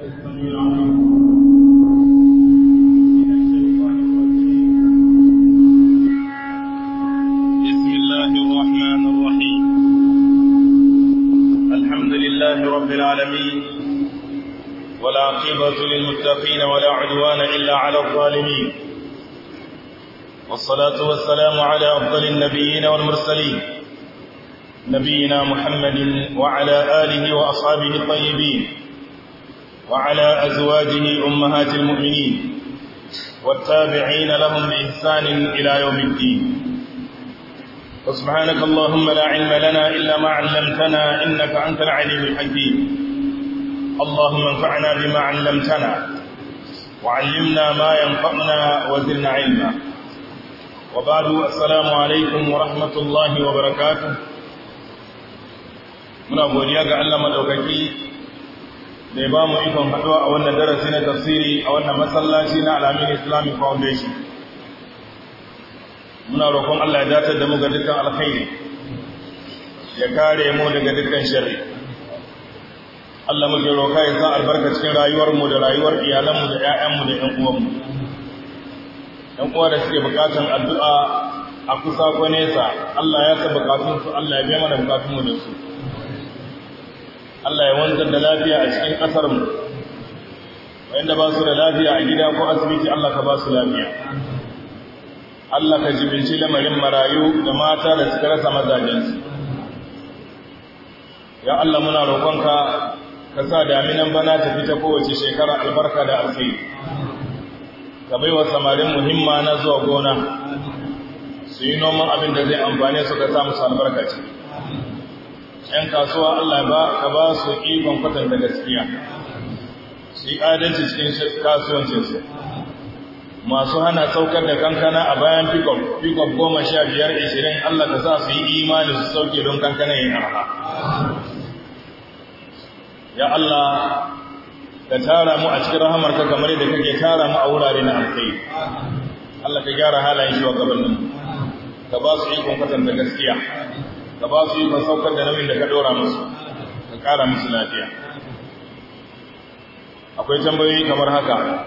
بسم الله الرحمن الرحيم الحمد لله رب العالمين والعاقبة للمتقين ولا عدوان إلا على الظالمين والصلاة والسلام على أفضل النبيين والمرسلين نبينا محمد وعلى آله وأصحابه الطيبين وعلى أزواجه أمهات المؤمنين والتابعين لهم بإحسان إلى يوم الدين وسبحانك اللهم لا علم لنا إلا ما علمتنا إنك أنت العليم الحكيم اللهم انفعنا بما علمتنا وعلمنا ما ينفعنا وزرنا علما وبعد السلام عليكم ورحمة الله وبركاته muna godiya ga Allah madaukaki da ba mu ikon haɗuwa a wannan darasi na tafsiri a wannan masallaci na alamin islamic foundation muna roƙon allah ya datar da mu ga dukkan alkhairi ya kare mu daga dukkan shari allah muke roƙa ya sa albarka cikin rayuwarmu da rayuwar iyalanmu da 'ya'yanmu da 'yan uwanmu ‘yan uwa da suke buƙatar addu'a a kusa ko nesa allah ya sa su allah ya biya mana buƙatunmu da su Allah ya wanzar da lafiya a cikin ƙasarmu wanda ba su da lafiya a gida ko asibiti Allah ka ba su lafiya Allah ka jibinci lamarin marayu da mata da suka rasa mazajensu ya Allah muna roƙonka ka sa daminan bana ta fita kowace shekara albarka da alkhairi ka baiwa samarin muhimma na zuwa gona su yi noman abin da zai amfane su ka samu albarka ce ‘yan kasuwa Allah ba ka ba su ikon kwatanta gaskiya, shi adalci cikin kasuwancinsu. Masu hana saukar da kankana a bayan fikon, fikon goma sha biyar ishirin Allah ka sa su yi imani su sauke don kankana yin arha. Ya Allah, ka tara mu a cikin rahamarka kamar yadda kake tara mu a wurare na alkai. Allah ka gyara halayen shi wa gabanin, ka ba su ikon kwatanta gaskiya. ka ba su ba saukar da da ka ɗora musu ka kara musu lafiya akwai tambayoyi kamar haka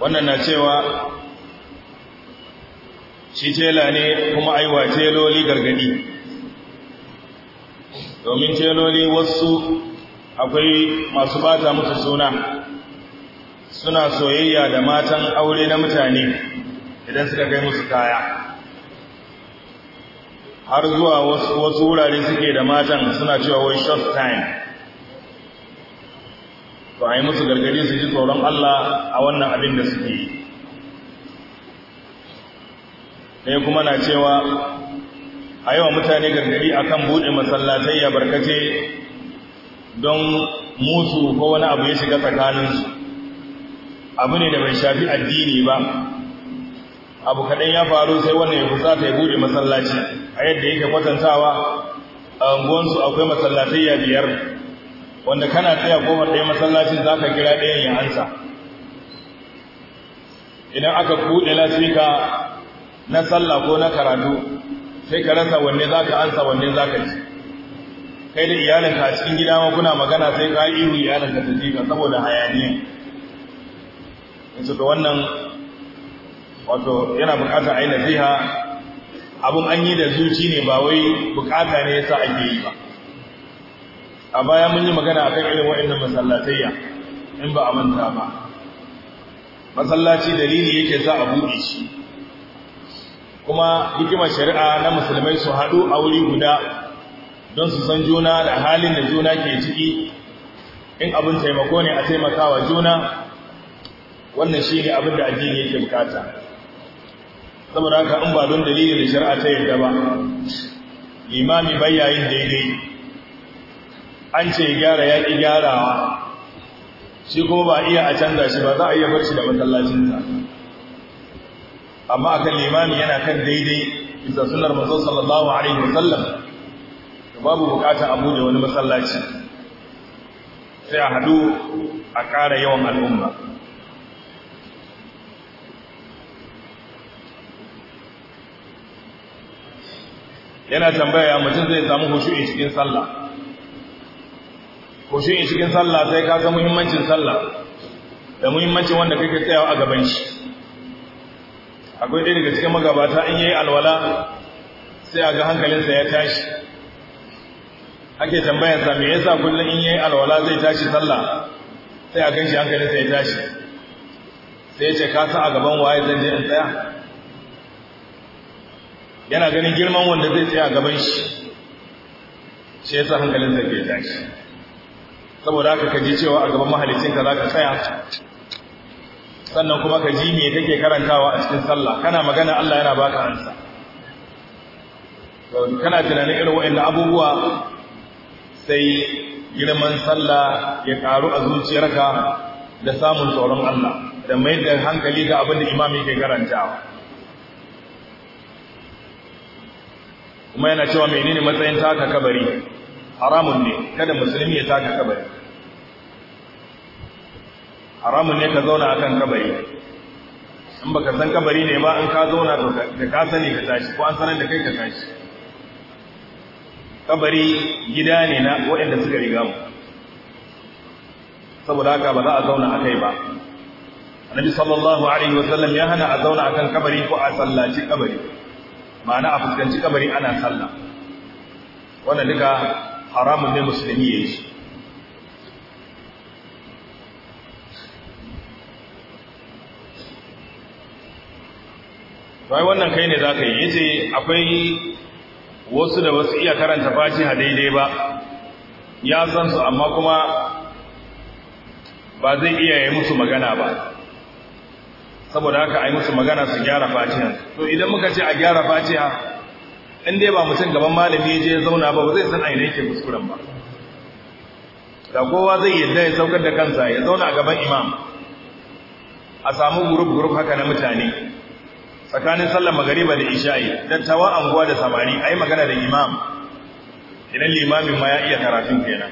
wannan na cewa shi tela ne kuma aiwa teloli gargadi domin teloli wasu akwai masu bata musu suna suna soyayya da matan aure na mutane idan suka kai musu kaya har zuwa wasu wurare suke da matan suna cewa wai short time to a yi musu gargadi su ji tsoron Allah a wannan abin da suke yi ɗaya kuma na cewa a yawa mutane gargadi kan buɗe masallatai ya barkace don musu ko wani abu ya shiga tsakaninsu abu ne da bai shafi addini ba abu kaɗan ya faru sai wannan ya kusa ta ya buɗe masallaci a yadda yake kwatantawa a unguwansu akwai masallatai ya biyar wanda kana tsaya kofar ɗaya masallacin za ka kira ɗayan ya ansa idan aka buɗe lasika na sallah ko na karatu sai ka rasa wanne za ka ansa wanne za ka ci kai da iyalinka a cikin gida ma kuna magana sai ka ihu iyalinka ta ji ka saboda hayaniya yanzu da wannan wato yana bukatar na nasiha abin an yi da zuci ne ba wai bukata ne yasa ake yi ba a baya mun yi magana akan irin waɗannan masallatayya in ba a manta ba masallaci dalili yake za a buɗe shi kuma hikimar shari'a na musulmai su haɗu a wuri guda don su san juna da halin da juna ke ciki in abin taimako ne a taimakawa juna wannan shi ne abin da addini yake bukata saboda haka an ba don dalilin da shari'a ta yarda ba imami yin daidai an ce gyara ya ƙi gyarawa shi kuma ba iya a canza shi ba za a iya bar shi da masallacinsa amma akan limami yana kan daidai bisa sunar manzon sallallahu alaihi wasallam babu bukatar a buɗe wani masallaci sai a haɗu a ƙara yawan al'umma yana tambaya ya mutum zai samu hushu'i cikin sallah hushu'i cikin sallah sai ka ga muhimmancin sallah da muhimmancin wanda kake tsayawa a gaban shi akwai ɗaya daga cikin magabata in yayi alwala sai a ga hankalinsa ya tashi ake sa me yasa kullum in yayi alwala zai tashi sallah sai a ganshi hankalinsa ya tashi sai ya ce ka sa a gaban waye zan je in tsaya yana ganin girman wanda zai tsaya gaban shi shi yasa hankalin sa ke shi, saboda haka ka ji cewa a gaban mahalicin ka zaka tsaya sannan kuma ka ji me kake karantawa a cikin sallah kana magana Allah yana baka ansa kana tunanin irin wa'annan abubuwa sai girman sallah ya karu a zuciyarka da samun tsoron Allah da mai da hankali ga abin da imami ke karantawa kuma yana cewa menene matsayin taka kabari haramun ne kada musulmi ya taka kabari haramun ne ka zauna akan kabari in baka san kabari ne ba in ka zauna da ka sani ka tashi ko an sanar da kai ka tashi kabari gida ne na waɗanda suka riga mu saboda haka ba za a zauna a kai ba annabi sallallahu alaihi wasallam ya hana a zauna akan kabari ko a sallaci kabari ma'ana a fuskanci kabari ana sallah wanda duka haramun ne musulmi ya yi bai wannan kai ne za ka yi yace akwai wasu da wasu iya karanta fatiha daidai ba ya san su amma kuma ba zai iya yi musu magana ba saboda haka ai musu magana su gyara fatiha to idan muka ce a gyara fatiha in dai ba mutum gaban malami ya je ya zauna ba ba zai san aina yake kuskuren ba da kowa zai yadda ya saukar da kansa ya zauna a gaban imam a samu gurup gurup haka na mutane tsakanin sallar magariba da isha'i dattawa anguwa da samari ai magana da imam idan limamin ma ya iya karatun kenan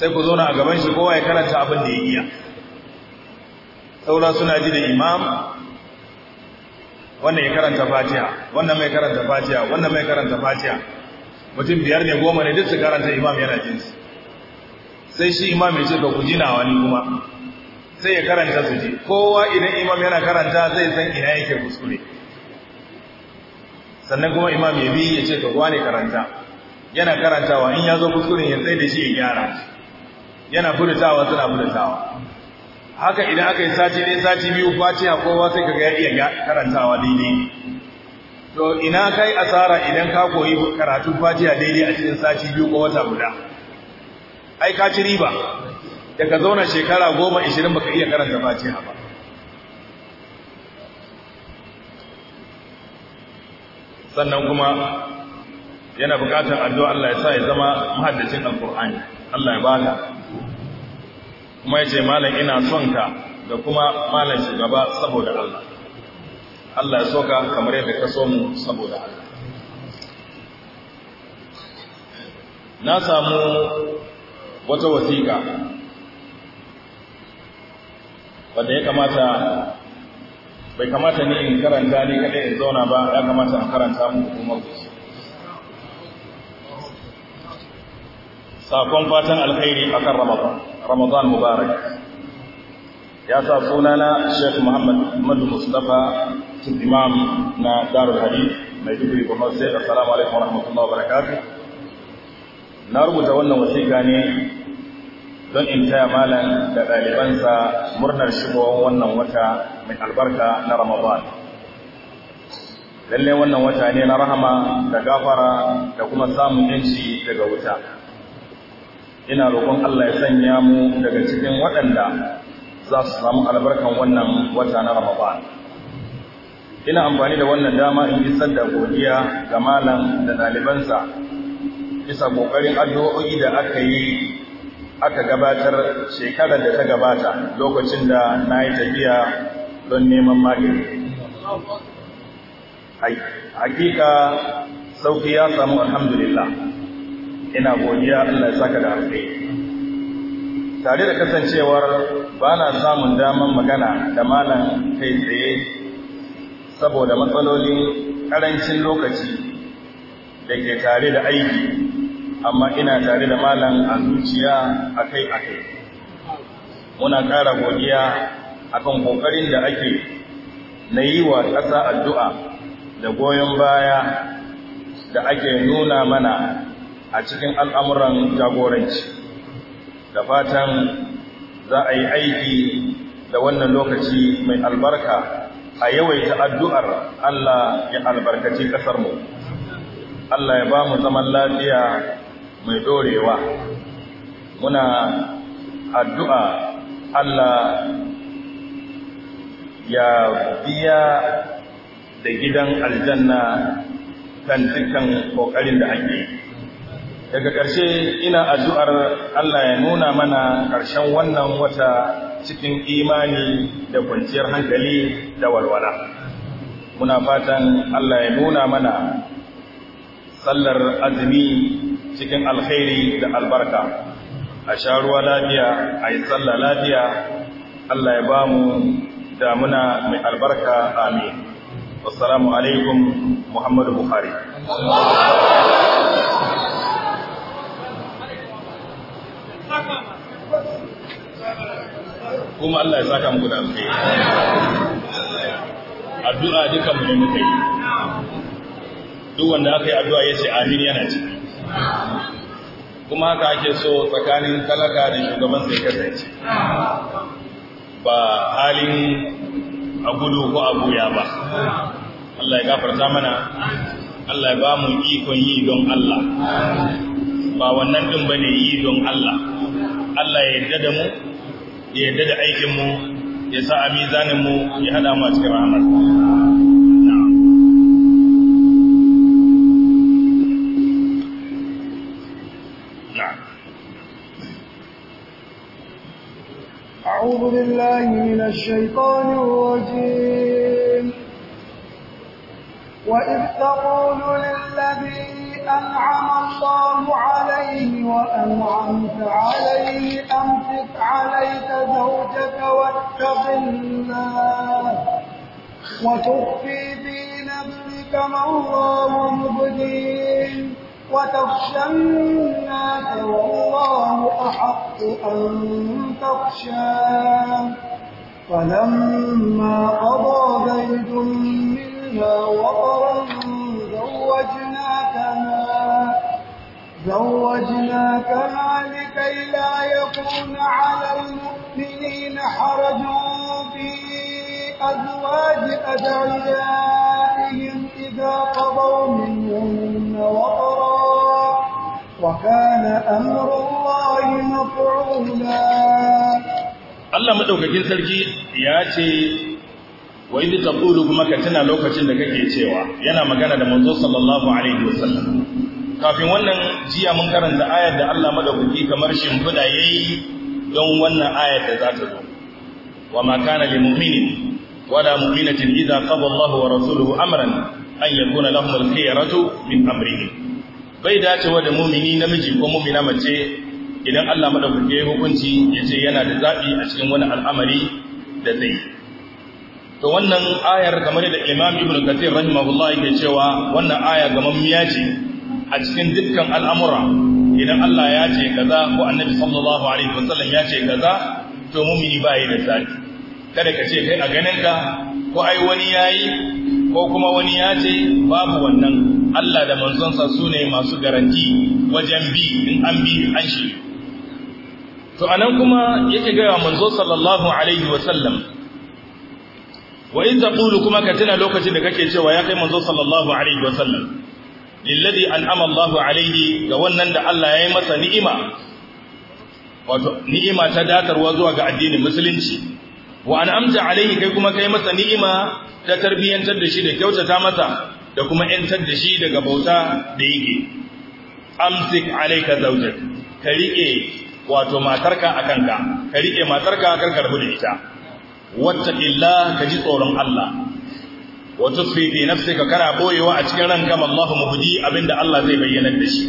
sai ku zauna a gaban shi kowa ya karanta abin da ya iya saura suna ji da imam wannan ya karanta fatiha wannan mai karanta fatiha wannan mai karanta fatiha mutum biyar ne goma ne duk su karanta imam yana jin su sai shi imam ya ce ka kuji na wani kuma sai ya karanta su ji kowa idan imam yana karanta zai san ina yake kuskure sannan kuma imam ya bi ya ce ka wane karanta yana karantawa in ya zo kuskure, ya tsaye da shi ya gyara yana furtawa suna furtawa haka idan aka yi sati ne sati biyu fatiha kowa sai kaga ya iya karantawa daidai to ina kai asara idan ka koyi karatu fatiha daidai a cikin sati biyu ko wata guda ai ka ci riba da zauna shekara goma ishirin baka iya karanta fatiha ba sannan kuma yana bukatar addu'a Allah ya sa ya zama mahaddacin alqur'ani Allah ya baka kuma ya ce malam ina son ka da kuma malam shugaba saboda Allah Allah ya ka kamar yadda ka so mu saboda Allah na samu wata wasiƙa wanda ya kamata bai kamata ni in karanta ni kaɗai in zauna ba ya kamata in karanta mu kuma ku sakon fatan alkhairi akan Ramadan Ramadan mubarak ya sa sunana Sheikh Muhammad Ahmad Mustafa Imam na Darul Hadith mai dubi kuma sai assalamu alaikum warahmatullahi wabarakatuh na rubuta wannan wasiƙa ne don in taya malam da ɗalibansa murnar shigowar wannan wata mai albarka na Ramadan Lallai wannan wata ne na rahama da gafara da kuma samun yanci daga wuta ina roƙon Allah ya sanya mu daga cikin waɗanda za su samu albarkan wannan wata na Ramadan ina amfani da wannan dama in isar da godiya ga malam da ɗalibansa bisa ƙoƙarin addu'o'i da aka yi aka gabatar shekarar da ta gabata lokacin da na yi tafiya don neman magani hakika sauki ya samu alhamdulillah ina godiya Allah ya saka da alkhairi tare da kasancewar ba na samun damar magana da malam kai tsaye saboda matsalolin ƙarancin lokaci da ke tare da aiki amma ina tare da malam a zuciya akai-akai muna ƙara godiya akan ƙoƙarin da ake na yi wa ƙasa addu'a da goyon baya da ake nuna mana a cikin al'amuran jagoranci da fatan za a yi aiki da wannan lokaci mai albarka a yawaita addu'ar Allah ya albarkaci ƙasarmu Allah ya ba mu zaman lafiya mai ɗorewa muna addu'a Allah ya biya da gidan aljanna kan dukkan ƙoƙarin da ake yi daga ƙarshe ina addu'ar Allah ya nuna mana ƙarshen wannan wata cikin imani da kwanciyar hankali da walwala muna fatan Allah ya nuna mana sallar azumi cikin alkhairi da albarka a sha ruwa lafiya a yi tsalla lafiya Allah ya ba mu damuna mai albarka amin wassalamu alaikum muhammadu buhari kuma Allah ya saka muku da alkhairi addu'a duka mu ne muka yi duk wanda aka yi addu'a yace amin yana ci. kuma haka ake so tsakanin talaka da shugaban sai kasance ba halin a gudu ko a buya ba Allah ya gafarta mana Allah ya ba mu ikon yi don Allah ba wannan din bane yi don Allah Allah ya yarda da mu ya yadda da aikinmu ya sa a mizaninmu ya haɗa mu a cikin rahamar أعوذ بالله من الشيطان الرجيم وإذ تقول للذين أنعم الله عليه وأنعمت عليه أمسك عليك زوجك واتق الله وتخفي في نفسك ما الله مبدين وتخشى الناس والله أحق أن تخشاه فلما قضى زيد منها وطرا زوجناك زوجناك لكي لا يكون على المؤمنين حرج في أزواج أدعيائهم إذا قضوا منهم وطرا وكان أمر الله مفعولا Allah madaukakin sarki ya ce wa idh taqulu kuma ka tana lokacin da kake cewa yana magana da manzo sallallahu alaihi wasallam kafin wannan jiya mun karanta ayar da Allah madaukaki kamar shimfida yayi don wannan ayar da za ta zo wa ma kana lil mu'minin la mu'minatin idza qada Allahu wa rasuluhu amran an yakuna lahum al-khiyaratu min amrihim bai dacewa da mumini namiji ko mumina mace idan Allah madaukake hukunci yace yana da zabi a cikin wani al'amari da zai to wannan ayar kamar da Imam Ibn Kathir rahimahullah yake cewa wannan aya gamammiya ce a cikin dukkan al'amura idan Allah ya ce kaza ko annabi sallallahu alaihi wasallam ya ce kaza to ba yi da zaki kada ka ce kai a ganinka ko ai wani ya yi ko kuma wani ya ce babu wannan Allah da manzonsa su ne masu garanti wajen bi in an bi an shi to anan kuma yake gaya manzo sallallahu alaihi wasallam wa in kulu kuma ka tuna lokacin da kake cewa ya kai manzo sallallahu alaihi wasallam lilladhi an'ama Allahu alaihi ga wannan da Allah ya yi masa ni'ima wato ni'ima ta datarwa zuwa ga addinin musulunci wa an'amta alaihi kai kuma kai masa ni'ima ta tarbiyantar da shi da kyautata masa da kuma yantar da shi daga bauta da yake amsik alayka zawjak ka rike wato matarka akan ka ka rike matarka karka rabu da ita wattaqillah ka ji tsoron Allah wa tusfi fi nafsika kana boyewa a cikin ranka Allahu muhdi abinda Allah zai bayyana da shi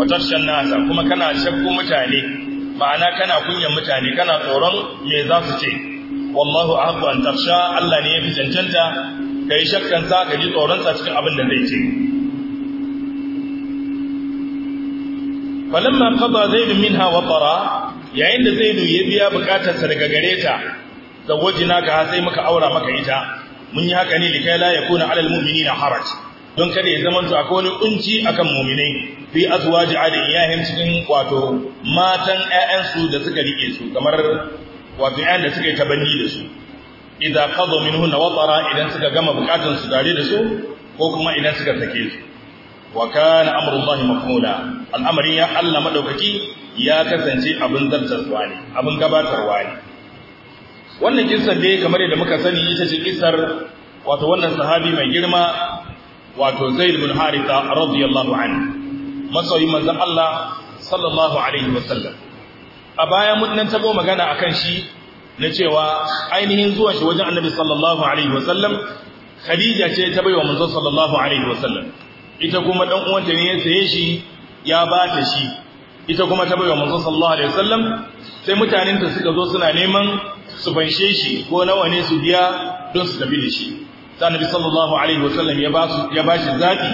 wa tashan nasa kuma kana shakku mutane ma'ana kana kunyan mutane kana tsoron me za su ce wallahu ahqqu an tafsha Allah ne yafi cancanta kai shakkan sa ka ji tsoron sa cikin abin da zai ce falamma qada zaid minha wa tara yayin da zaid ya biya bukatarsa daga gareta wajina ka sai muka aura maka ita mun yi haka ne likai la yakuna alal mu'minina haraj don kada ya zama to akwai wani kunci akan mu'minai fi azwaji adiyahim cikin wato matan ƴaƴan su da suka rike su kamar wato ƴaƴan da suka yi tabanni da su idza qadu minhunna watara idan suka gama bukatun su tare da su ko kuma idan suka sake su wa kana amrullahi mafmula al'amarin ya Allah madaukaki ya kasance abin zartarwa ne abin gabatarwa ne wannan kissar dai kamar yadda muka sani ita ce kissar wato wannan sahabi mai girma wato Zaid bin Haritha radiyallahu anhu masoyin manzon Allah sallallahu alaihi wasallam a baya mun nan tabo magana akan shi na cewa ainihin zuwa shi wajen Annabi sallallahu alaihi wasallam Khadija ce ta baiwa manzon sallallahu alaihi wasallam ita kuma dan uwanta ne ya saye shi ya bata shi ita kuma ta baiwa manzon sallallahu alaihi wasallam sai mutanen ta suka zo suna neman su fanshe shi ko nawa ne su biya don su tafi da shi sai annabi sallallahu alaihi wasallam ya ba su ya ba shi zafi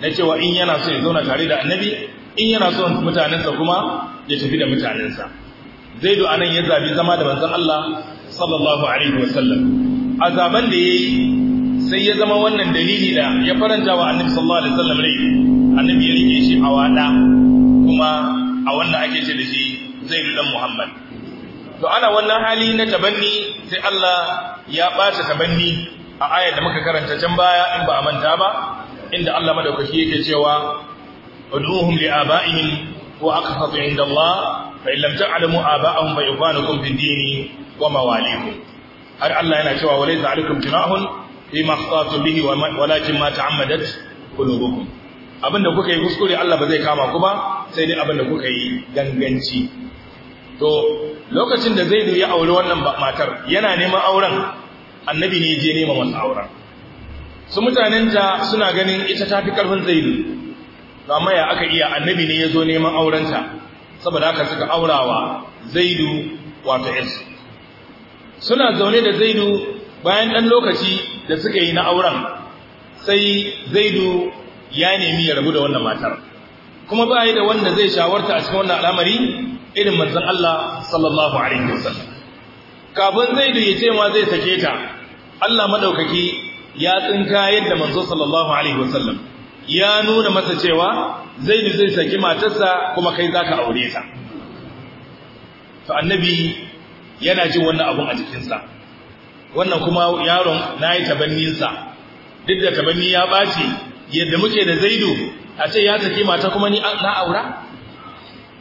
na cewa in yana so ya zauna tare da annabi in yana so mutanensa kuma ya tafi da mutanensa zaidu anan ya zabi zama da manzon Allah sallallahu alaihi wasallam azaban da yayi sai ya zama wannan dalili da ya faranta wa annabi sallallahu alaihi wasallam rai annabi ya rike shi a wada kuma a wannan ake ce da shi zaidu dan muhammad to ana wannan hali na tabanni sai Allah ya ɓata tabanni a ayar da muka karanta can baya in ba a manta ba inda Allah madaukaki yake cewa ud'uhum li'aba'ihim wa aqsatu 'inda Allah fa in lam aba'ahum fa ikhwanukum fid dini wa mawalikum har Allah yana cewa walaysa 'alaykum junahun bima akhtatu bihi walakin ma ta'ammadat qulubukum abinda kuka yi kuskure Allah ba zai kama ku ba sai dai abinda kuka yi ganganci to lokacin da zaidu ya auri wannan matar yana neman auren annabi ne je neman wannan auren su mutanen ta suna ganin ita ta fi karfin zaidu to amma ya aka iya annabi ne ya zo neman aurenta saboda haka suka aurawa zaidu wato yansu suna zaune da zaidu bayan ɗan lokaci da suka yi na auren sai zaidu ya nemi ya rabu da wannan matar kuma ba yi da wanda zai shawarta a cikin wannan al'amari irin manzon Allah sallallahu alaihi wasallam kafin zai da yace ma zai sake ta Allah maɗaukaki ya tsinka yadda manzo sallallahu alaihi wasallam ya nuna masa cewa Zaidu zai saki matarsa kuma kai zaka aure ta to annabi yana jin wannan abun a jikinsa wannan kuma yaron nayi tabanninsa duk da tabanni ya ɓaci, yadda muke da Zaidu a ce ya saki mata kuma ni na aura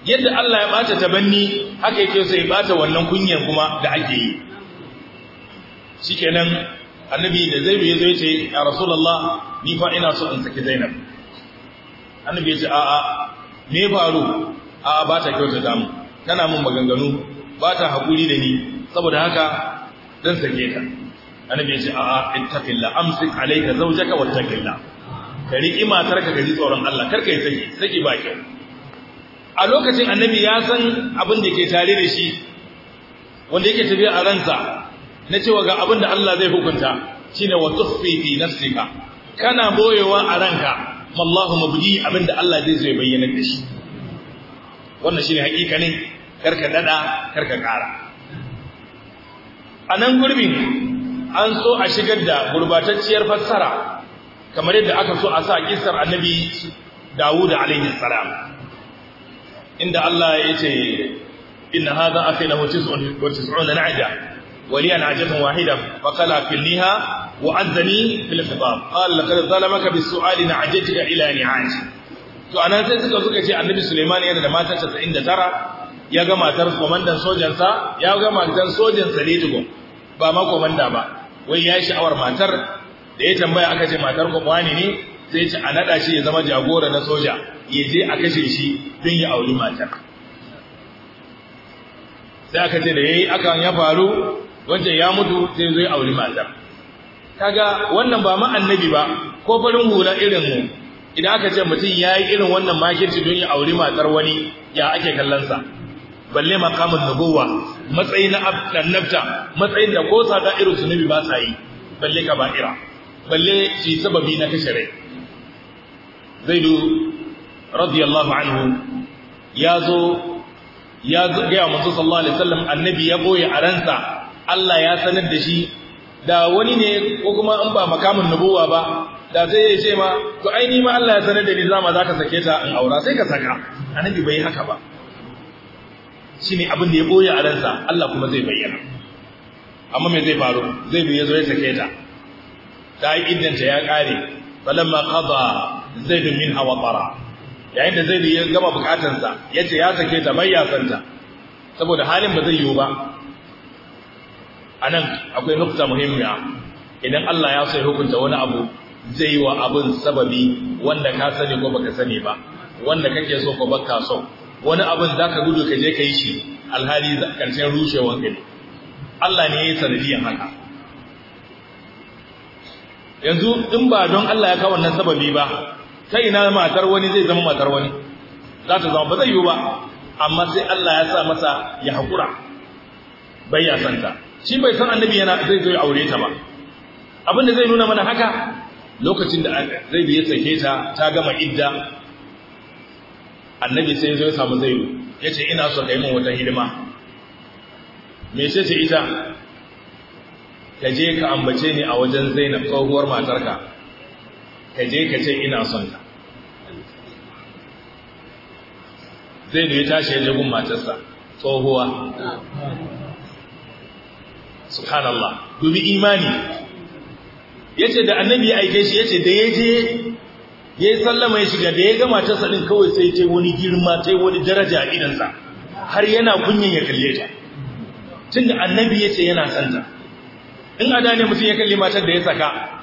yadda Allah ya bata tabanni haka yake sai bata wannan kunyar kuma da ake yi shikenan annabi da zai yi zo ce ya rasulullah ni fa ina so in saki zainab annabi ya ce a'a me faru a'a bata kyauta da mu tana mun maganganu bata hakuri da ni saboda haka dan sake ta annabi ya ce a'a ittaqilla amsik alayka zawjaka wattaqilla kari matarka ka ji tsoron Allah karka yi saki saki ba kyau a lokacin annabi ya san abin da ke tare da shi wanda yake tafiya a ransa na cewa ga abin da Allah zai hukunta shine wa tuffi fi nafsika kana boyewa a ranka wallahu mabdi abin da Allah zai zai bayyana da shi wannan shine ne karka dada karka kara nan gurbin an so a shigar da gurbatacciyar fassara kamar yadda aka so a sa kissar annabi Dawud alaihi salam inda Allah ya ce inna hadha tis'un wa tis'una na'ja wa an ajatun wahida fa qala filniha wa azzani fil khitab qala laqad zalamaka bis su'ali na'jatika ila ni'aj to anan sai suka suka ce annabi Sulaiman yana da mata 99 ya ga matar komandan sojansa ya ga matar sojansa ne tugo ba ma komanda ba wai ya sha'awar matar da ya tambaya aka ce matar ko wani ne sai ce a naɗa shi ya zama jagora na soja ya je a kashe shi don ya auri matar sai aka ce da ya yi akan ya faru wancan ya mutu sai zai auri matar kaga wannan ba ma ba ko farin hula irin mu idan aka ce mutum ya yi irin wannan makirci don ya auri matar wani ya ake kallonsa balle makamun nubuwa matsayi na annabta matsayin da ko sada irin su nubi ba sa yi balle ka ba'ira balle shi sababi na kashe rai zaidu radiyallahu anhu ya zo ya gaya musu sallallahu alaihi wasallam annabi ya boye a ransa Allah ya sanar da shi da wani ne ko kuma an ba makamin nubuwa ba da sai ya ce ma to ai ni ma Allah ya sanar da ni zama zaka sake ta in aura sai ka saka annabi bai haka ba shine abin da ya boye a ransa Allah kuma zai bayyana amma me zai faru zai bi ya zo ya sake ta ta iddanta ya kare falamma qada Zai min hawa tara yayin da zai ya gama bukatansa yace ya sake ta bai ya santa saboda halin ba zai yiwu ba anan akwai nukta muhimmiya idan Allah ya sai hukunta wani abu zai wa abin sababi wanda ka sani ko baka sani ba wanda kake so ko baka so wani abin zaka gudu ka je ka yi shi alhali karshen rushewar ka Allah ne ya yi sanadiyan haka yanzu in ba don Allah ya kawo wannan sababi ba ta ina matar wani zai zama matar wani za ta zama ba zai yiwu ba amma sai Allah ya sa masa ya hakura bai ya santa shi bai san annabi yana zai zo ya aure ta ba abin da zai nuna mana haka lokacin da zai ya sake ta ta gama idda annabi sai zo ya samu zai ya ce ina so ka yi min wata hidima me ce ce ita ka je ka ambace ni a wajen zainab tsohuwar matarka ka je ka ce ina son ka zai da ya tashi ya jagun matarsa tsohuwa subhanallah dubi imani Ya ce da annabi ya aike shi ya ce da ya ya yi sallama ya shiga da ya ga matarsa din kawai sai ta wani girma ta wani daraja a idansa har yana kunyan ya kalle ta da annabi ya ce yana santa in da ne mutum ya kalli matar da ya saka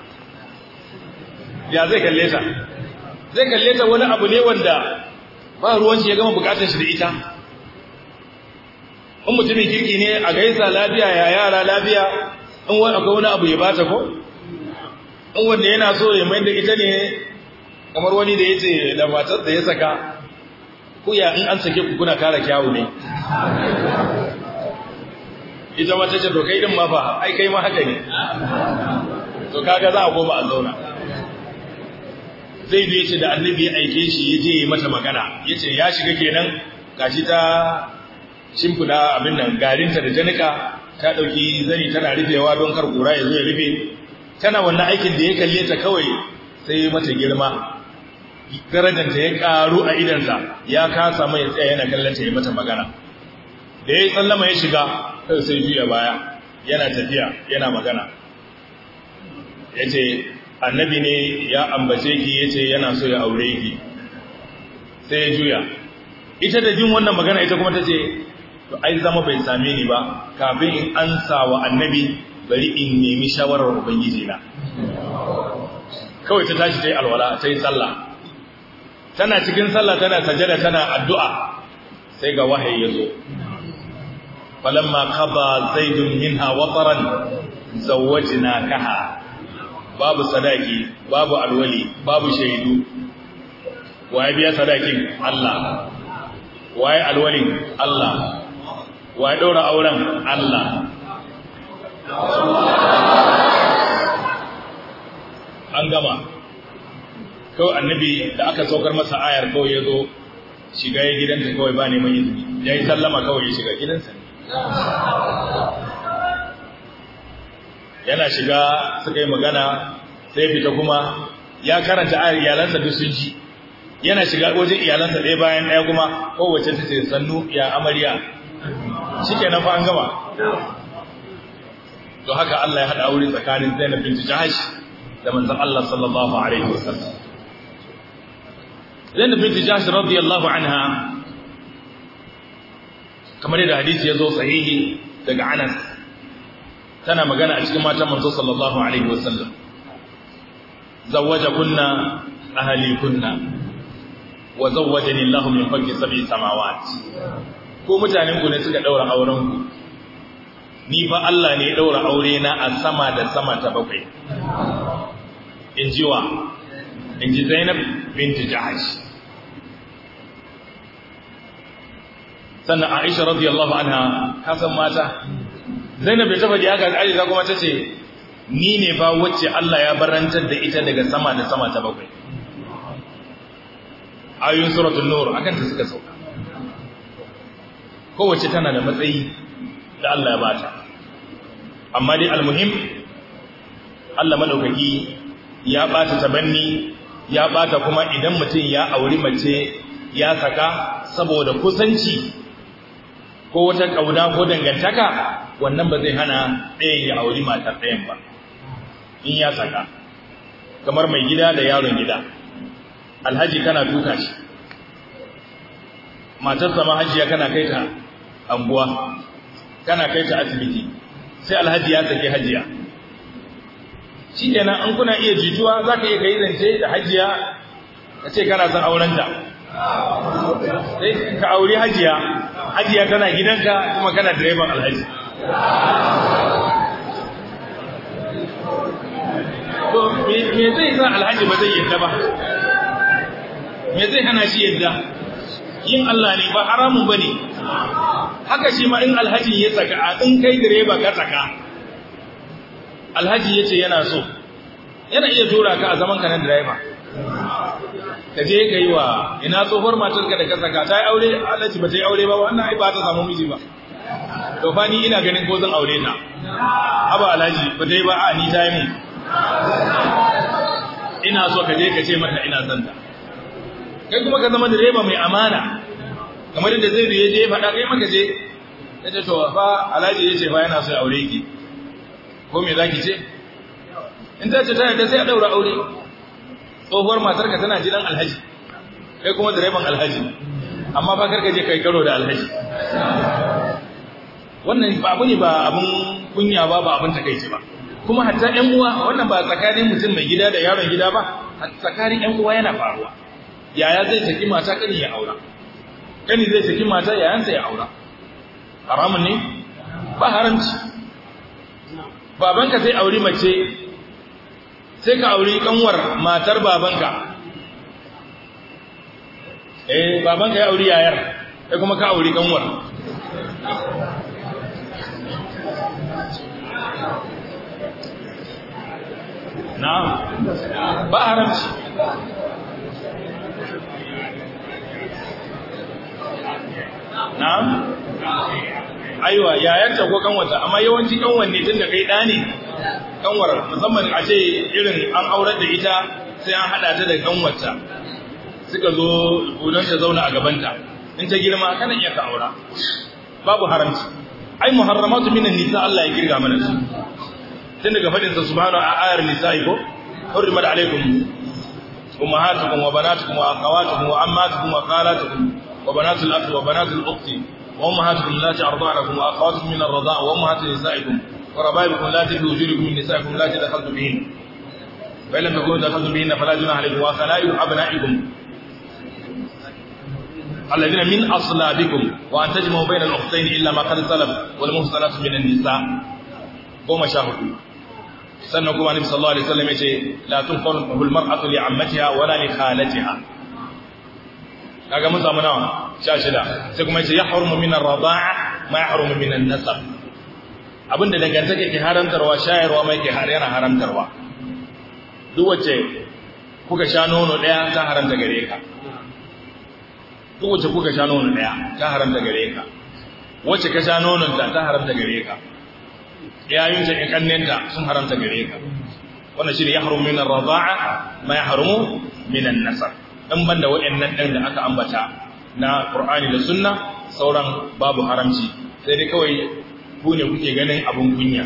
ya zai kalle ta zai kalle ta wani abu ne wanda ba ruwan shi ya gama bukatun shi da ita in mutumin kirki ne a gaisa lafiya ya yara lafiya in wani akwai wani abu ya bata ko in wanda yana so ya mai da ita ne kamar wani da ya ce da matar da ya saka kuya in an sake ku kuna kara kyawu ne ita wata ce to kai din ma fa ai kai ma haka ne to kaga za a goma a zauna zai bi ce da annabi ya aike shi ya je yi mata magana ya ce ya shiga kenan gashi ta shimfiɗa abin nan garinta da janika ta ɗauki zani tana rufewa don kar kura ya zo ya rufe tana wannan aikin da ya kalle ta kawai sai mata girma darajanta ya ƙaru a idansa ya kasa mai tsaya yana kallon ta ya mata magana da ya yi sallama ya shiga sai sai juya baya yana tafiya yana magana ya ce annabi ne ya ambace ki ya ce yana so ya aure ki sai ya juya ita da jin wannan magana ita kuma ta ce to ai zama bai same ni ba kafin in ansa wa annabi bari in nemi shawarar ubangiji na kawai ta tashi ta yi alwala ta sallah tana cikin sallah tana sajada tana addu'a sai ga wahayi ya zo falamma kaba zaidun minha wataran zawajna kaha babu sadaki babu alwali babu shaidu waye biya sadakin Allah waye alwalin Allah waye daura auren Allah an gama kawai annabi da aka saukar masa ayar kawai ya zo shiga ya gidansa kawai ba neman izini ya yi sallama kawai ya shiga gidansa yana shiga suka yi magana sai fita kuma ya karanta ayar iyalansa duk sun ji yana shiga wajen iyalansa ɗaya bayan ɗaya kuma kowace ta ce sannu ya amarya shike na fa an gama to haka Allah ya haɗa aure tsakanin Zainab bin Jahash da manzan Allah sallallahu alaihi wasallam Zainab binti Jahash radiyallahu anha kamar yadda hadisi ya zo sahihi daga Anas tana magana a cikin matan manzo sallallahu alaihi wasallam kunna ahli kunna wa zawwajani Allahu min fawqi sab'i samawati ko mutanen ku ne suka daura auren ku ni fa Allah ne ya daura aure na a sama da sama ta bakwai in ji wa in ji Zainab binti Jahash sannan Aisha radiyallahu anha kasan mata zainab da ta faɗi haka aisha kuma ta ce ni ne fa wacce Allah ya barantar da ita daga sama da sama ta bakwai ayoyin suratul nur akan ta suka sauka kowace tana da matsayi da Allah ya bata amma dai almuhim Allah maɗaukaki ya bata tabanni ya bata kuma idan mutum ya auri mace ya saka saboda kusanci ko wata kauna ko dangantaka wannan ba zai hana ɗayan ya auri matar ɗayan ba in ya saka kamar mai gida da yaron gida alhaji kana tuka shi matar sama hajiya kana kai ta anguwa kana kai ta asibiti sai alhaji ya sake hajiya shi kenan an kuna iya jituwa za ka iya kai zance da hajiya ka ce kana son aurenta sai ka auri hajiya hajiya kana gidanka kuma kana direban alhaji to me zai sa alhaji ba zai yadda ba me zai hana shi yadda yin Allah ne ba haramun ba ne haka shi ma in alhaji ya tsaka a in kai direba ka tsaka alhaji ya ce yana so yana iya tura ka a zaman ka na direba ka je ka yi wa ina tsohuwar matarka da ka saka ta yi aure alaci ba ta yi aure ba wannan ai ba ta samu miji ba to fa ni ina ganin ko zan aure ta haba alaji ba ta yi ba a ni ta yi mun ina so ka je ka ce mata ina son ta kai kuma ka zama direba mai amana kamar yadda zai ya je faɗa kai maka je ya ce to fa alaji ya ce fa yana so ya aure ki ko me za ki ce in ta ce ta yarda sai a ɗaura aure tsohuwar matar ka tana jiran alhaji kai kuma direban alhaji amma ba karka je kai karo da alhaji wannan ba abu ne ba abun kunya ba ba abun takaici ba kuma hatta ƴan uwa wannan ba tsakanin mutum mai gida da yaron gida ba tsakanin ƴan uwa yana faruwa yaya zai saki mata kani ya aura kani zai saki mata yayansa ya aura haramun ne ba haramci babanka zai auri mace sai ka auri kanwar matar babanka eh babanka ya auri yayar sai kuma ka auri kanwar na'am ba haramci na'am aiwa yayarta ko kanwarta amma yawanci kanwar ne tun da kai ɗa ne kanwar musamman a ce irin an aurar da ita sai an haɗa ta da kanwarta suka zo don ta zauna a gabanta in ta girma kana iya ka aura babu haramci ai muharramatu minan nisa Allah ya kirga mana su tun daga fadin sa subhanahu a ayar nisa ko hurrimat alaikum ummahatukum wa banatukum wa akhawatukum wa ammatukum wa khalatukum wa banatul akhi wa banatul ukhti وأمهاتكم التي أرضعنكم وأخواتكم من الرضاع وأمهات نسائكم وربائبكم التي في وجودكم من نسائكم التي دخلتم بهن فإن لم تكونوا دخلتم بهن فلا جناح عليكم وخلائق أبنائكم الذين من أصلابكم وأن تجمعوا بين الأختين إلا ما قد سلف والمحصنات من النساء goma sha hudu sannan kuma annabi sallallahu alaihi wasallam yace la tunqaru al mar'atu li ammatiha wala li khalatiha kaga mun samu nawa sha shida sai kuma ce ya harumu minan raba'a ma ya harumu minan nasab abinda dangantaka ke harantarwa shayarwa mai ke har yana harantarwa duk wacce kuka sha nono ɗaya ta haranta gare ka duk wacce kuka sha nono ɗaya ta haranta gare ka wacce ka sha nononta ta ta haranta gare ka yayinta da kannenta sun haranta gare ka wannan shi ne ya harumu minan raba'a ma ya harumu minan nasab dan banda wa'annan ɗin da aka ambata na ƙur'ani da Sunna sauran babu haramci sai dai kawai ku ne kuke ganin abin kunya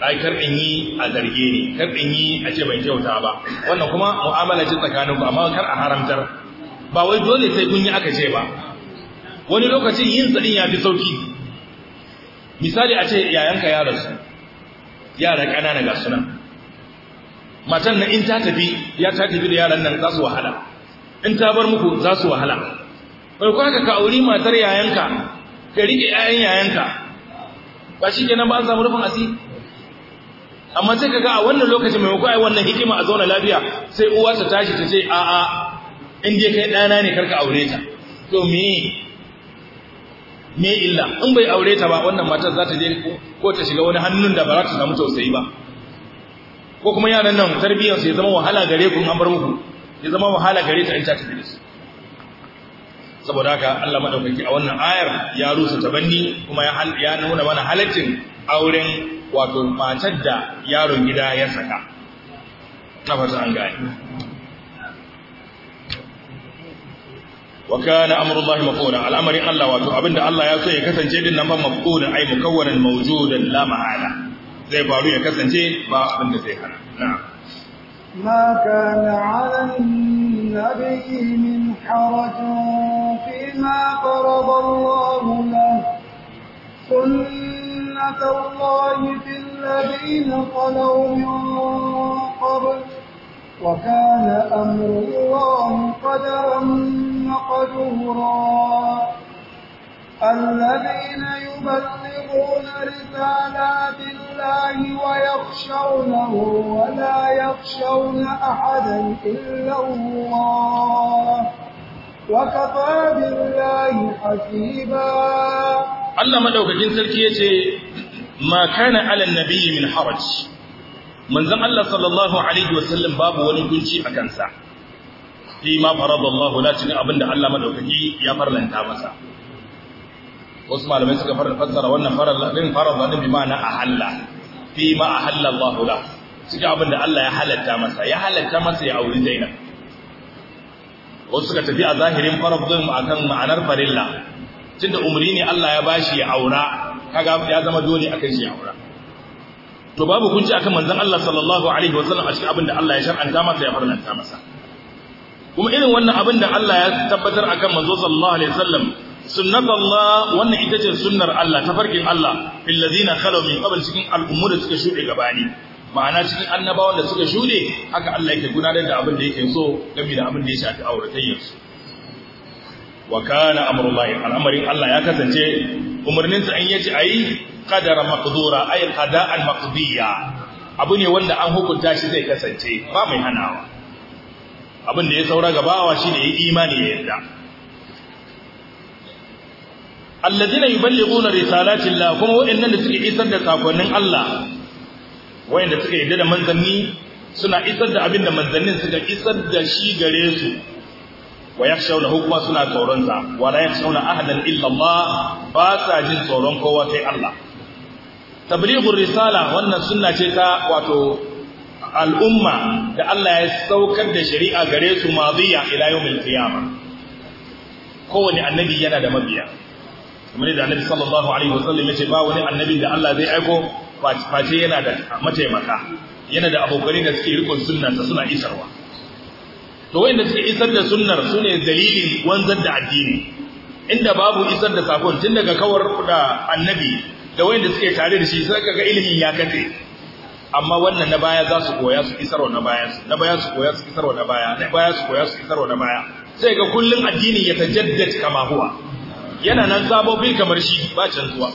ai kar in yi a zarge ne kar in yi a ce bai kyauta ba wannan kuma mu'amala ce tsakaninku amma kar a haramtar ba wai dole sai kun aka ce ba wani lokacin yin tsarin ya fi sauki misali a ce yayanka ya rasu yara ƙanana ga suna matan na in ta tafi ya ta tafi da yaran nan za su wahala in ta bar muku za su wahala bai ka auri matar yayanka ka rike yayan yayanka ba shi kenan ba an samu rufin asiri amma sai kaga a wannan lokacin mai kuwa wannan hikima a zauna lafiya sai uwa ta tashi ta ce a a in dai kai ɗana ne karka aure ta to me me illa in bai aure ta ba wannan matar za ta je ko ta shiga wani hannun da ba za ta samu tausayi ba ko kuma yaran nan tarbiyyarsu ya zama wahala gare ku an bar muku ya zama wahala gare ta in ta tafi da su saboda haka Allah madaukaki a wannan ayar ya rusa tabanni kuma ya nuna mana halaccin auren wato matar da yaron gida ya saka tabbata an gane wa kana amrullahi maf'ula al'amarin Allah wato abinda Allah ya so ya kasance din nan ban maf'ula ai mukawwanan mawjudan la mahala zai faru ya kasance ba abinda zai hana na'am ما كان على النبي من حرج فيما فرض الله له سنة الله في الذين خلوا من قبل وكان أمر الله قدرا مقدورا الذين يبلغون رسالات الله ويخشونه ولا يخشون أحدا إلا الله وكفى بالله حسيبا الله مدوكين سركي يجي ما كان على النبي من حرج من زم الله صلى الله عليه وسلم باب ونقنشي أكنسا فيما فرض الله لا تنع أبن الله مدوكين يفرلن تامسا wasu malamai suka fara fassara wannan farala din farala din bi ma'ana ahalla fi ma ahalla Allah la suke abin da Allah ya halatta masa ya halatta masa ya auri Zainab wasu suka tafi a zahirin farad din akan ma'anar farilla tunda umri ne Allah ya bashi ya aura kaga ya zama dole akan shi ya aura to babu kunci akan manzon Allah sallallahu alaihi wasallam a cikin abin da Allah ya shar'anta masa ya farlanta masa kuma irin wannan abin da Allah ya tabbatar akan manzo sallallahu alaihi wasallam Allah wannan ita ce sunnar Allah ta farkin Allah fil ladina khalu min qabl cikin al'ummu da suka shuɗe gabani ma'ana cikin annabawan da suka shuɗe haka Allah yake gudanar da abin da yake so game da abin da ya shafi ta su wa kana amrullahi al'amarin Allah ya kasance umurnin sa an yace ayi qadara maqdura ay qada'an maqdiya abu ne wanda an hukunta shi zai kasance ba mai hanawa abin da ya saura gabawa shine yi imani ya yarda alladina yuballighuna risalatillah kuma waɗannan da suke isar da sakonnin Allah waɗanda suka yadda da manzanni suna isar da abin da manzannin suka isar da shi gare su wa yakhshawna hukma suna tsoron sa wa la yakhshawna ahadan illa Allah ba sa jin tsoron kowa sai Allah tablighur risala wannan sunna ce ta wato al'umma da Allah ya saukar da shari'a gare su madiya ila yawmil qiyamah kowane annabi yana da mabiya kamar da annabi sallallahu alaihi wasallam ya ce ba wani annabi da Allah zai aiko face yana da mataimaka yana da abokanai da suke rikon sunnarsa suna isarwa to wayanda suke isar da sunnar sune dalilin wanzar da addini inda babu isar da sakon tun daga kawar da annabi da wayanda suke tare da shi sai kaga ilimin ya kace amma wannan na baya za su koya su isarwa na baya su na baya su koya su isarwa na baya na baya su koya su isarwa na baya sai ga kullun addini ya tajaddad kama huwa yana nan sabobi kamar shi ba canzuwa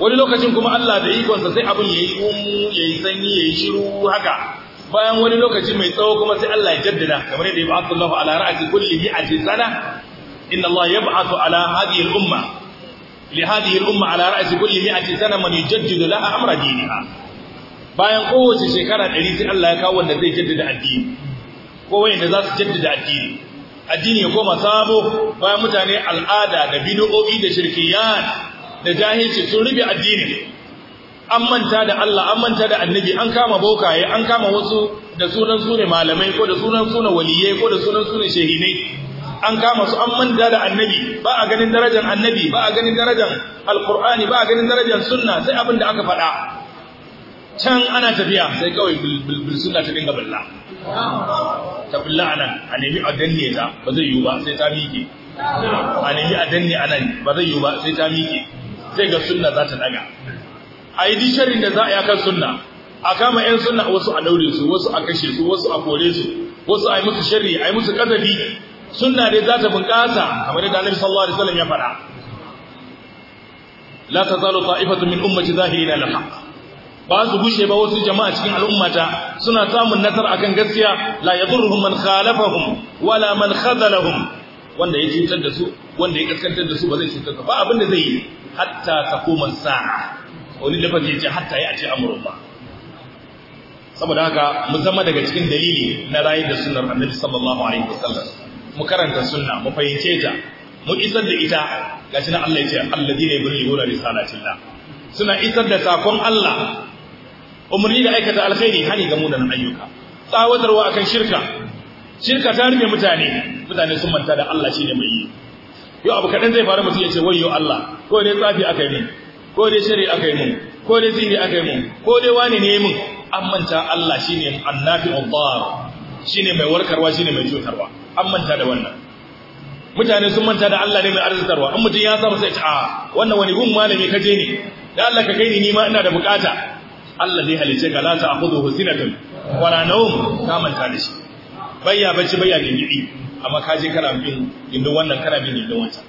wani lokacin kuma Allah da ikonsa sai abin yi umu ya yi sanyi ya yi shiru haka bayan wani lokaci mai tsawo kuma sai Allah ya jaddada kamar yadda ya ba'athu Allahu ala ra'si kulli mi'ati sana inna Allah yab'athu ala hadhihi al-umma li hadhihi al-umma ala ra'si kulli mi'ati sana man yujaddidu laha amra diniha bayan kowace shekara ɗari sai Allah ya kawo wanda zai jaddada addini ko wanda za su jaddada addini addini ya koma sabo bayan mutane al'ada da bid'o'i da shirkiyat da jahilci sun rubi addini an manta da Allah an manta da annabi an kama bokaye an kama wasu da sunan sune malamai ko da sunan sune waliyai ko da sunan sune shahinai, an kama su an manta da annabi ba a ganin darajar annabi ba a ganin darajar alqur'ani ba a ganin darajar sunna sai abin da aka faɗa can ana tafiya sai kawai bilsuna ta dinga balla ta balla ana a nemi a danne ta ba zai yiwu ba sai ta miƙe a nemi a danne ana ba zai yiwu ba sai ta miƙe sai ga sunna za ta daga a yi disharin da za a yi akan sunna a kama yan sunna wasu a daure su wasu a kashe su wasu a kore su wasu a yi musu sharri a yi musu kazafi sunna dai za ta bunƙasa kamar yadda annabi sallallahu alaihi wasallam ya faɗa la tazalu ta'ifatu min ummati zahirina lil haqq ba su gushe ba wasu jama'a cikin al'ummata suna samun nasar akan gaskiya la yadurruhum man khalafahum wala man khadalahum wanda ya cutar da su wanda ya kaskantar da su ba zai cutar ba abin zai yi hatta taquma sa'a wani da ya ce hatta ya ce amrullah saboda haka mu zama daga cikin dalili na rayu da sunnar annabi sallallahu alaihi wasallam mu karanta sunna mu fahimce ta mu isar da ita gashi na Allah ya ce alladina yuballighuna risalatillah suna isar da sakon Allah umarni da aikata alkhairi hani ga munanan ayyuka tsawatarwa akan shirka shirka ta rufe mutane mutane sun manta da Allah shine mai yi yau abu kadan zai fara mutum ya ce wayyo Allah ko dai tsafi akai ne ko dai shari akai mun ko dai zini akai mun ko dai wani ne mun an manta Allah shine annabi Allah shine mai warkarwa shine mai cutarwa an manta da wannan mutane sun manta da Allah ne mai arzikarwa in mutum ya samu sai ta a wannan wani gun malami kaje ne da Allah ka kai ni ma ina da bukata Allah zai halice ka la ta'khudhu sinatun wala nawm ka manta da shi bayya bacci bayya gingidi amma ka je kana bin wannan kana bin gindin wancan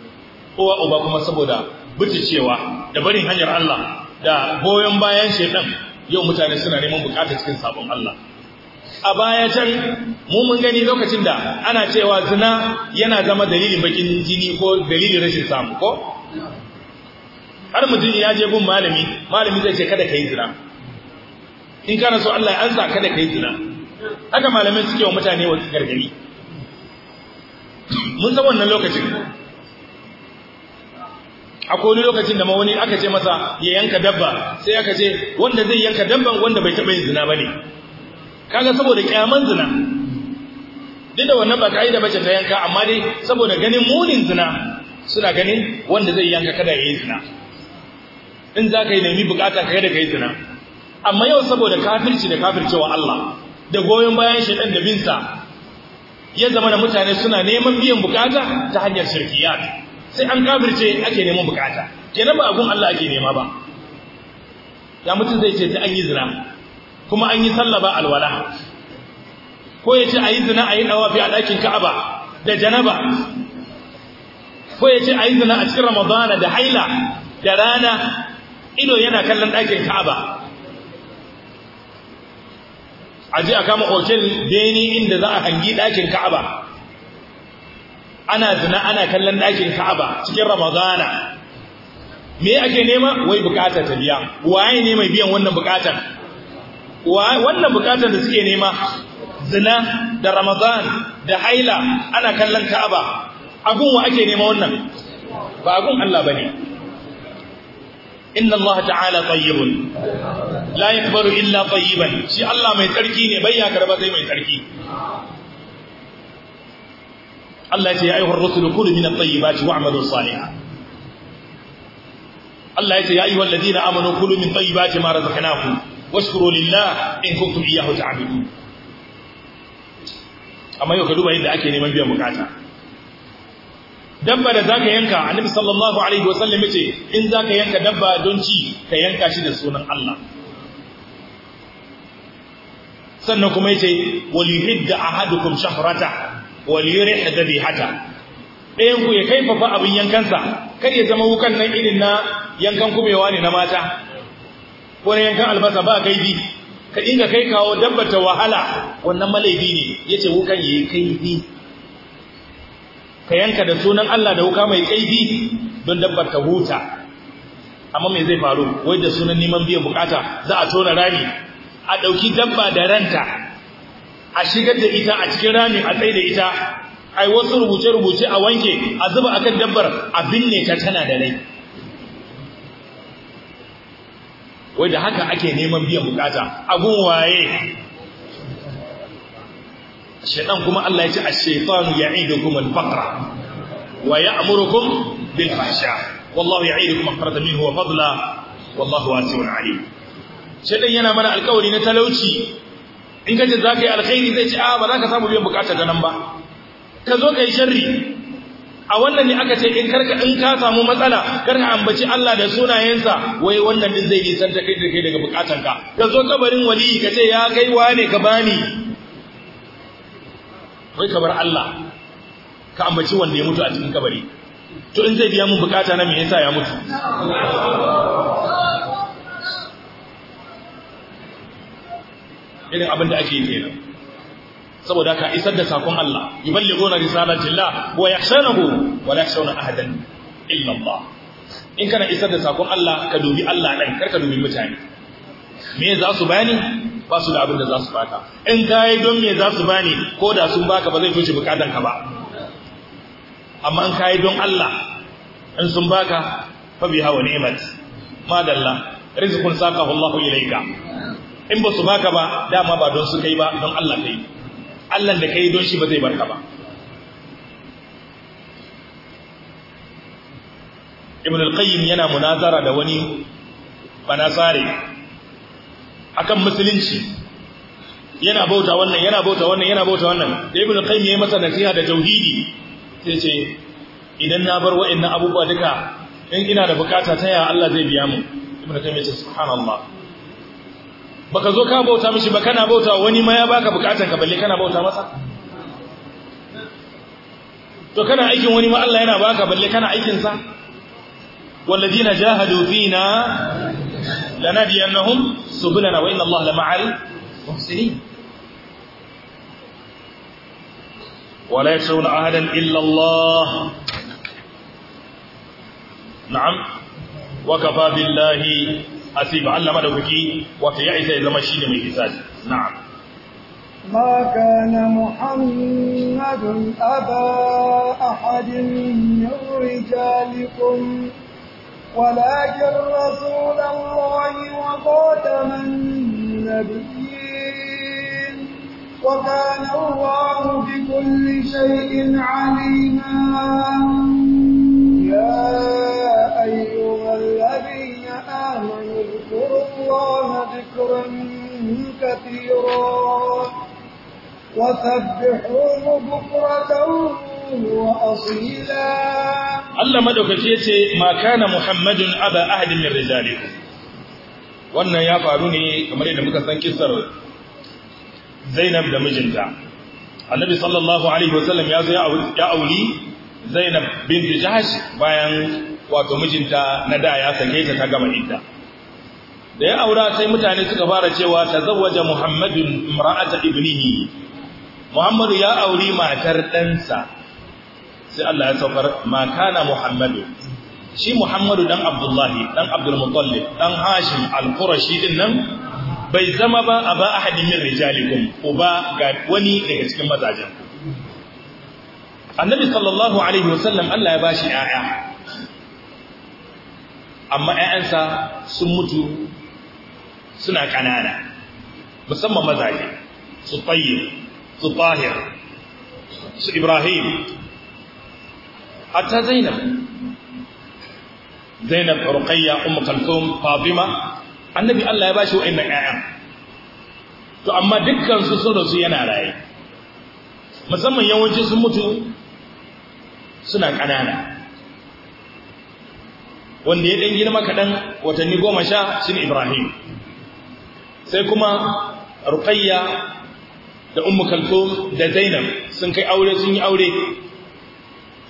kowa uba kuma saboda cewa da barin hanyar Allah da goyon bayan shedan yau mutane suna neman bukata cikin sabon Allah a baya can mu mun gani lokacin da ana cewa zina yana zama dalilin bakin jini ko dalilin rashin samu ko har mutum ya je gun malami malami zai ce kada ka yi zina in kana so Allah ya ansa ka da kai zina haka malamai suke wa mutane wa gargadi mun san wannan lokacin akwai wani lokacin da ma wani aka ce masa ya yanka dabba sai aka ce wanda zai yanka dabban wanda bai taɓa yin zina ba ne kaga saboda kyaman zina duk da wannan ba da bace ta yanka amma dai saboda ganin munin zina suna ganin wanda zai yanka kada ya yi zina in za ka yi nemi bukata ka da ka yi zina amma yau saboda kafirci da kafircewa Allah da goyon bayan shaitan da binsa ya zama da mutane suna neman biyan bukata ta hanyar shirkiyat sai an kafirce ake neman bukata kenan ba abun Allah ake nema ba ya mutum zai ce sai an yi zina kuma an yi sallah ba alwala ko ya ce a yi zina a yi dawafi a ɗakin ka'aba da janaba ko ya ce a yi zina a cikin ramadana da haila da rana ido yana kallon ɗakin ka'aba a je a kama hotel beni inda za a hangi ɗakin ka'aba ana zina ana kallon ɗakin ka'aba cikin ramadana me ake nema wai bukata ta biya waye ne mai biyan wannan bukatan wannan bukatar da suke nema zina da ramadan da haila ana kallon ka'aba agun wa ake nema wannan ba agun Allah ba ne. inna Allah ta'ala tayyibun la yakbaru illa tayyiban shi Allah mai tsarki ne bai ya karba sai mai tsarki Allah ya ce ya ayyuhar rusulu kulu min at-tayyibati wa'malu salihan Allah ya ce ya ayyuhal ladina amanu kulu min tayyibati ma razaqnakum washkuru lillah in kuntum iyyahu ta'budun amma yau ka duba yadda ake neman biyan bukata dabba da zaka yanka annabi sallallahu alaihi wasallam yace in zaka yanka dabba don ci ka yanka shi da sunan Allah sannan kuma yace wal yuhidd ahadukum shahrata wal yurih dabihata ɗayan ku ya kaifafa abin yankansa kar ya zama wukan nan irin na yankan kubewa ne na mata ko na yankan albasa ba kaifi ka dinga kai kawo dabba ta wahala wannan malaifi ne yace wukan yayi kaifi ka yanka da sunan Allah da wuka mai kaifi don dabbar ta huta amma me zai faru wai da sunan neman biyan bukata za a tona rami a dauki dabba da ranta a shigar da ita a cikin rami a tsaye da ita ai wasu rubuce rubuce a wanke a zuba a kan dabbar a binne ta tana da rai wai da haka ake neman biyan bukata a gun waye shaytan kuma Allah ya ce ash-shaytanu ya'idukum al-faqra wa ya'murukum bil fahsha wallahu ya ya'idukum maghfiratan minhu wa fadla wallahu wasi'un alim shaytan yana mana alƙawari na talauci in ka kace za ka yi alkhairi zai ce a ba za ka samu biyan bukatar ganan ba ka zo ka yi sharri a wannan ne aka ce in karka in ka samu matsala karka ambaci Allah da sunayensa wai wannan din zai nisanta kai da kai daga bukatanka ka zo kabarin waliyi ka ce ya kai wane ka bani kai ka bar Allah ka ambaci wanda ya mutu a cikin kabari to in zai biya mun bukata na me yasa ya mutu irin abin da ake yi kenan saboda ka isar da sakon Allah yuballighuna risalatillah wa yahsanahu wa la yahsana ahadan illa Allah in kana isar da sakon Allah ka dubi Allah dan kar ka dubi mutane me za su bani ba su da abin da za su baka in ka yi don me za su bani ko da sun baka ba zai fice bukatan ka ba amma in ka yi don Allah in sun baka fa biha wa ni'mat madalla rizqun saqahu Allahu ilayka in ba su baka ba dama ba don su kai ba don Allah kai Allah da kai don shi ba zai barka ba Ibn al-Qayyim yana munazara da wani banasare akan musulunci yana bauta wannan yana bauta wannan yana bauta wannan da ibnu qayyim yayi masa nasiha da tauhidi sai ce idan na bar wa'annan abubuwa duka in ina da bukata ta ya Allah zai biya mu ibnu qayyim ya ce subhanallah baka zo ka bauta mishi ba kana bauta wani ma ya baka bukatan ka balle kana bauta masa to kana aikin wani ma Allah yana baka balle kana aikin sa walladina jahadu fina لنهدينهم سبلنا وان الله لمع المحسنين ولا يشعرون عهدا الا الله نعم وكفى بالله حسيب علم مدوكي وتيعيس زما شيء من إساس نعم ما كان محمد أبا أحد من رجالكم ولكن رسول الله وخاتم النبيين وكان الله بكل شيء عليما يا أيها الذين آمنوا اذكروا الله ذكرا كثيرا وسبحوه بكرة Allah madaukaki yace ma kana Muhammadun aba ahadin min rijalikum wannan ya faru ne kamar yadda muka san kissar Zainab da mijinta Annabi sallallahu alaihi wasallam ya zo ya auri Zainab bint Jahsh bayan wato mijinta na da ya sake ta ta gama idda da ya aura sai mutane suka fara cewa tazawwaja Muhammadun imra'ata ibnihi Muhammadu ya auri matar dansa. sai Allah ya saukar makana muhammadu shi muhammadu dan abdullahi dan abdul muttalib dan hashim al-qurashi din nan bai zama ba a ba ahadin min rijalikum uba ga wani daga cikin mazajen annabi sallallahu alaihi wasallam Allah ya bashi ƴaƴa amma ƴaƴansa sun mutu suna kanana musamman mazaje su tayyib su tahir su ibrahim hatta zainab zainab ruqayya ummu kalthum fatima annabi Allah ya bashi wa'annan ƴaƴan to amma dukkan su sun rasu yana raye musamman yawanci sun mutu suna ƙanana wanda ya ɗan girma kaɗan watanni goma sha shi ibrahim sai kuma ruqayya da ummu kalthum da zainab sun kai aure sun yi aure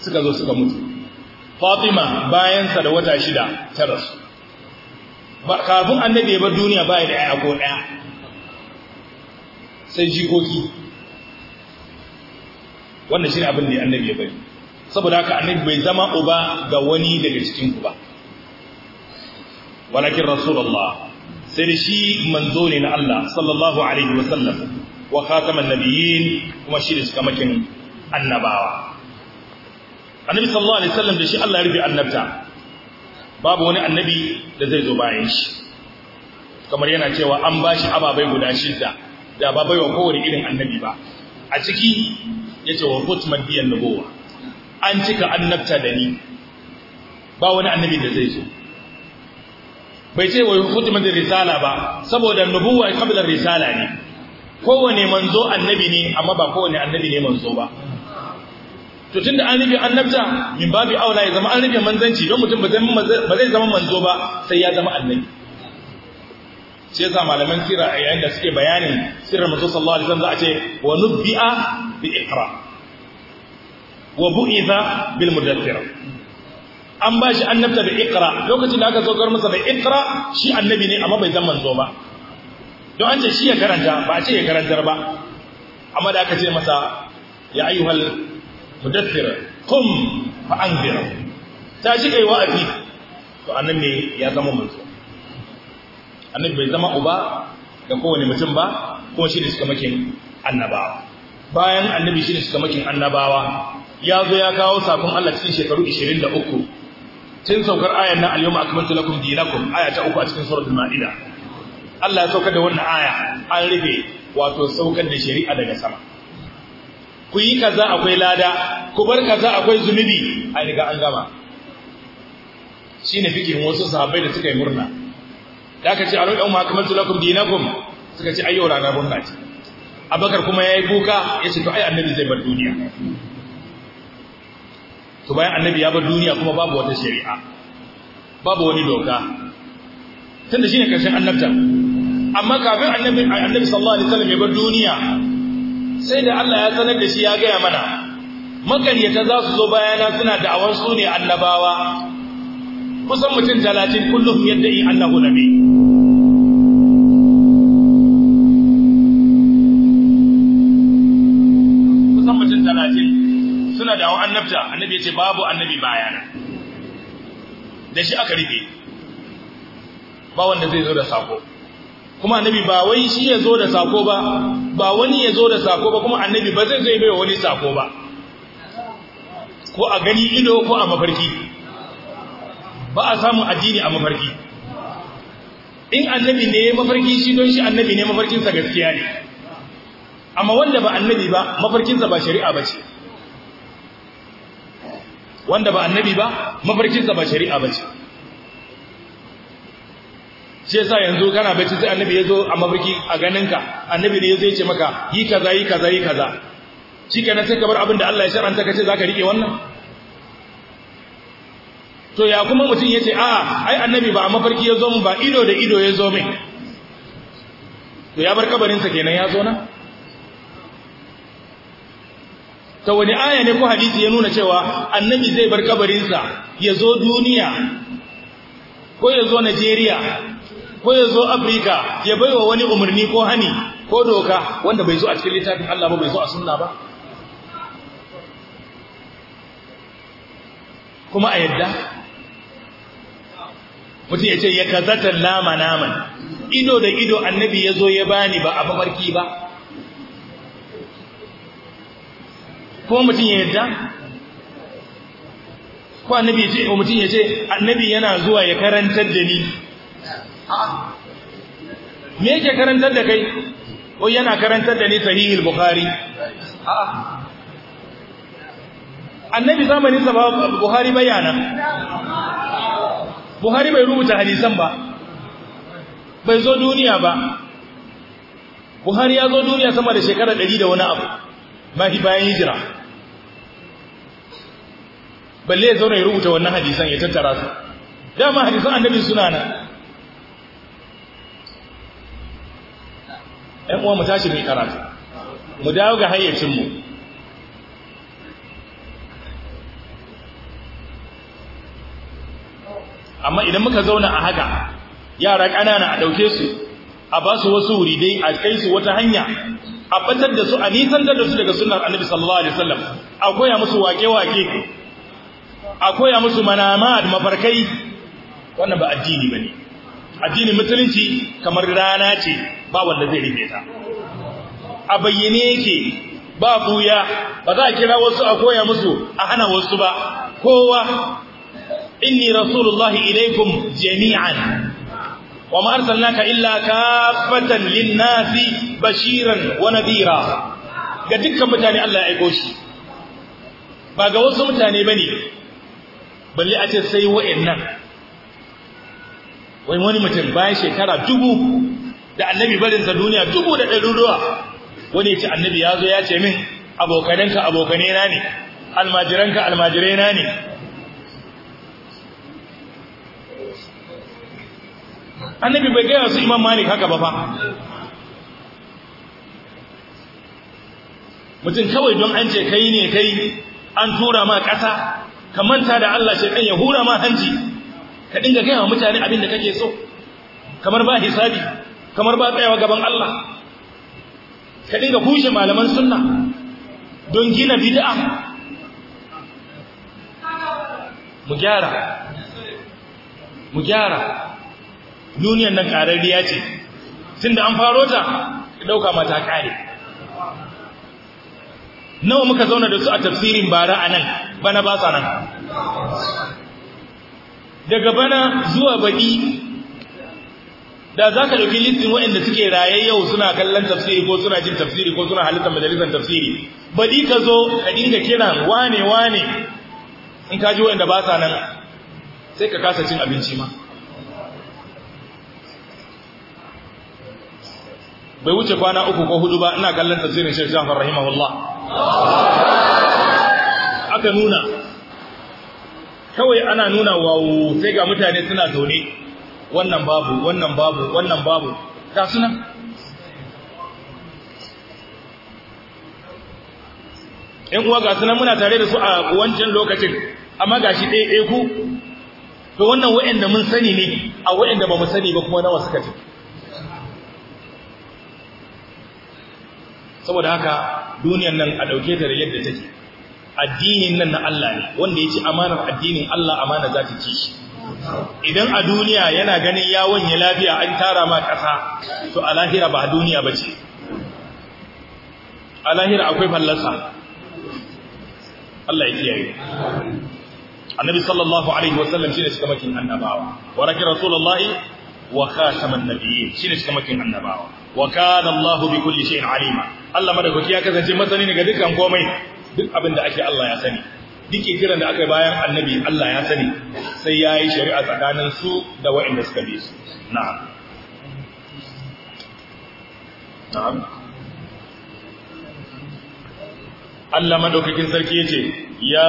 suka zo suka mutu fatima bayansa da wata shida ta rasu kafin annabi ya bar duniya baya da ya ko ɗaya sai jikoki wannan shi abin da annabi ya bari saboda haka annabi bai zama uba ga wani daga cikin ba walakin rasulullah sai da shi manzo ne na Allah sallallahu alaihi wasallam wa khataman nabiyyin kuma shi da cikamakin annabawa annabi sallallahu alaihi wasallam da shi Allah ya rufe annabta babu wani annabi da zai zo bayan shi kamar yana cewa an bashi ababai guda shida da ba wa kowane irin annabi ba a ciki yace wa futman biyan nabuwa an cika annabta da ni ba wani annabi da zai zo bai ce wa da risala ba saboda nubuwa kabilar risala ne kowane manzo annabi ne amma ba kowane annabi ne manzo ba to tunda an rufe annabta min babi aula ya zama an rufe manzanci don mutum ba zai zama manzo ba sai ya zama annabi sai yasa malaman sirra a yayin da suke bayanin sirrin manzo sallallahu alaihi wasallam za a ce wa nubbi'a bi iqra wa bu'itha bil mudaththir an ba shi annabta bi iqra lokacin da aka saukar masa da iqra shi annabi ne amma bai zama manzo ba don an ce shi ya karanta ba a ce ya karantar ba amma da aka ce masa ya ayyuhal mudaffira kum fa ta tashi kai afi to annan ne ya zama manzo annabi bai zama uba ga kowane mutum ba ko shi ne suka makin annabawa bayan annabi shi ne suka makin annabawa ya zo ya kawo sakon Allah cikin shekaru 23 tun saukar ayar nan al-yawma akmaltu lakum dinakum aya ta uku a cikin suratul ma'ida Allah ya saukar da wannan aya an rufe wato saukar da shari'a daga sama ku yi kaza akwai lada ku bar kaza akwai zunubi a riga an gama shine fikirin wasu sahabbai da suka yi murna da aka ce alau ma akmaltu lakum dinakum suka ce ayyo rana murna ce abakar kuma yayi kuka ce to ai annabi zai bar duniya to bayan annabi ya bar duniya kuma babu wata shari'a babu wani doka tunda shine karshen annabta amma kafin annabi annabi sallallahu alaihi wasallam ya bar duniya sai da Allah ya sanar da shi ya gaya mana makaryata za su zo bayana suna da'awar su ne annabawa kusan mutum talatin kullum yadda yi annahu nabi kusan mutum talatin suna da'awar annabta annabi ya ce babu annabi bayana da shi aka rike ba wanda zai zo da sako kuma annabi ba wai shi ya zo da sako ba ba wani ya zo da sako ba kuma annabi ba zai zai bai wani sako ba ko a gani ido ko a mafarki ba a samun addini a mafarki in annabi ne mafarki shi don shi annabi ne mafarkinsa gaskiya ne amma wanda ba annabi ba mafarkinsa ba shari'a ba ce wanda ba annabi ba mafarkinsa ba shari'a ba ce shi yasa yanzu kana bacci sai annabi ya zo a mafarki a ganinka annabi ne ya zai ce maka yi kaza yi kaza yi kaza shikenan sai ka bar abin da Allah ya shar'anta ka ce zaka rike wannan to ya kuma mutum ya ce a ai annabi ba a mafarki ya zo mu ba ido da ido ya zo min to ya bar kabarinsa kenan ya zo na ta wani aya ne ko hadisi ya nuna cewa annabi zai bar kabarinsa ya zo duniya ko ya zo najeriya ko ya zo Afirka ya baiwa wani umarni ko hani ko doka wanda bai zo a cikin littafin Allah ba bai zo a sunna ba kuma a yadda mutum ya ce ya kazata nama naman ido da ido annabi ya zo ya bani ba a mafarki ba ko mutum ya yadda ko annabi ya ce annabi yana zuwa ya karantar da ni me yake karantar da kai ko yana karantar da ni sahihul bukhari annabi zamanin sa bukhari bayana buhari bai rubuta hadisan ba bai zo duniya ba buhari ya zo duniya sama da shekara 100 da wani abu ba shi bayan hijira balle ya zauna ya rubuta wannan hadisan ya tattara su dama hadisan annabi suna nan Yan uwa mu tashi mai karatu mu dawo ga hayyacinmu amma idan muka zauna a haka yara ƙanana a ɗauke su a ba su wasu wuri dai a kai su wata hanya a ɓatar da su a nisan da su daga sunan annabi sallallahu alaihi wasallam a koya musu wake-wake a koya musu manama da mafarkai wannan ba addini ba ne, addinin musulunci kamar rana ce ba wanda zai rike ta a bayyane yake ba buya ba za a kira wasu a koya musu a hana wasu ba kowa inni rasulullahi ilaikum jami'an wa ma arsalnaka illa kaffatan lin-nasi bashiran wa nadira ga dukkan mutane Allah ya aiko shi ba ga wasu mutane bane balle a ce sai wa'annan wai wani mutum bayan shekara dubu da annabi barinsa duniya dubu da ɗaruruwa wani ya ce annabi ya zo ya ce min abokane abokanena ne almajiranka almajirena ne annabi bai gaya su imam malik haka ba fa mutum kawai don an ce kai ne kai an tura ma ƙasa ka manta da Allah shaitan ya hura ma hanci ka dinga gaya wa mutane abin da kake so kamar ba hisabi kamar ba tsayawa gaban Allah ka dinga kushe malaman sunna don gina bid'a mu gyara mu gyara duniyar nan karariya ce tunda an faro ta ka dauka mata kare nawa muka zauna da su a tafsirin bara anan bana ba sa nan daga bana zuwa baki da za ka ɗauki listin waɗanda suke raye yau suna kallon tafsiri ko suna jin tafsiri ko suna halittar majalisar tafsiri baɗi ka zo ka dinga kira wane wane in ka ji waɗanda ba sa nan sai ka kasa cin abinci ma bai wuce kwana uku ko hudu ba ina kallon tafsirin shek jafar rahimahullah aka nuna kawai ana nuna wawo sai ga mutane suna zaune wannan babu wannan babu wannan babu ga sunan in uwa ga sunan muna tare da su a wancan lokacin amma gashi ɗaya ɗaya ku to wannan wa'anda mun sani ne a wa'anda ba mu sani ba kuma nawa suka ce saboda haka duniyar nan a ɗauke ta da yadda take addinin nan na Allah ne wanda ya ci amanar addinin Allah amana za ta ci shi idan a duniya yana ganin yawon ya lafiya an tara ma ƙasa to alahira ba a duniya ba ce a akwai fallasa Allah ya kiyaye annabi sallallahu alaihi wasallam shine cika makin annabawa wa raki rasulullahi wa khataman nabiyyin shine cika makin annabawa wa kana Allah bi kulli shay'in alima Allah madaukaki ya kasance masani ne ga dukkan komai duk abin da ake Allah ya sani duk kiran da aka yi bayan annabi Allah ya sani sai ya yi shari'a tsakanin su da waɗanda suka bi su na'am na'am Allah madaukakin sarki yace ya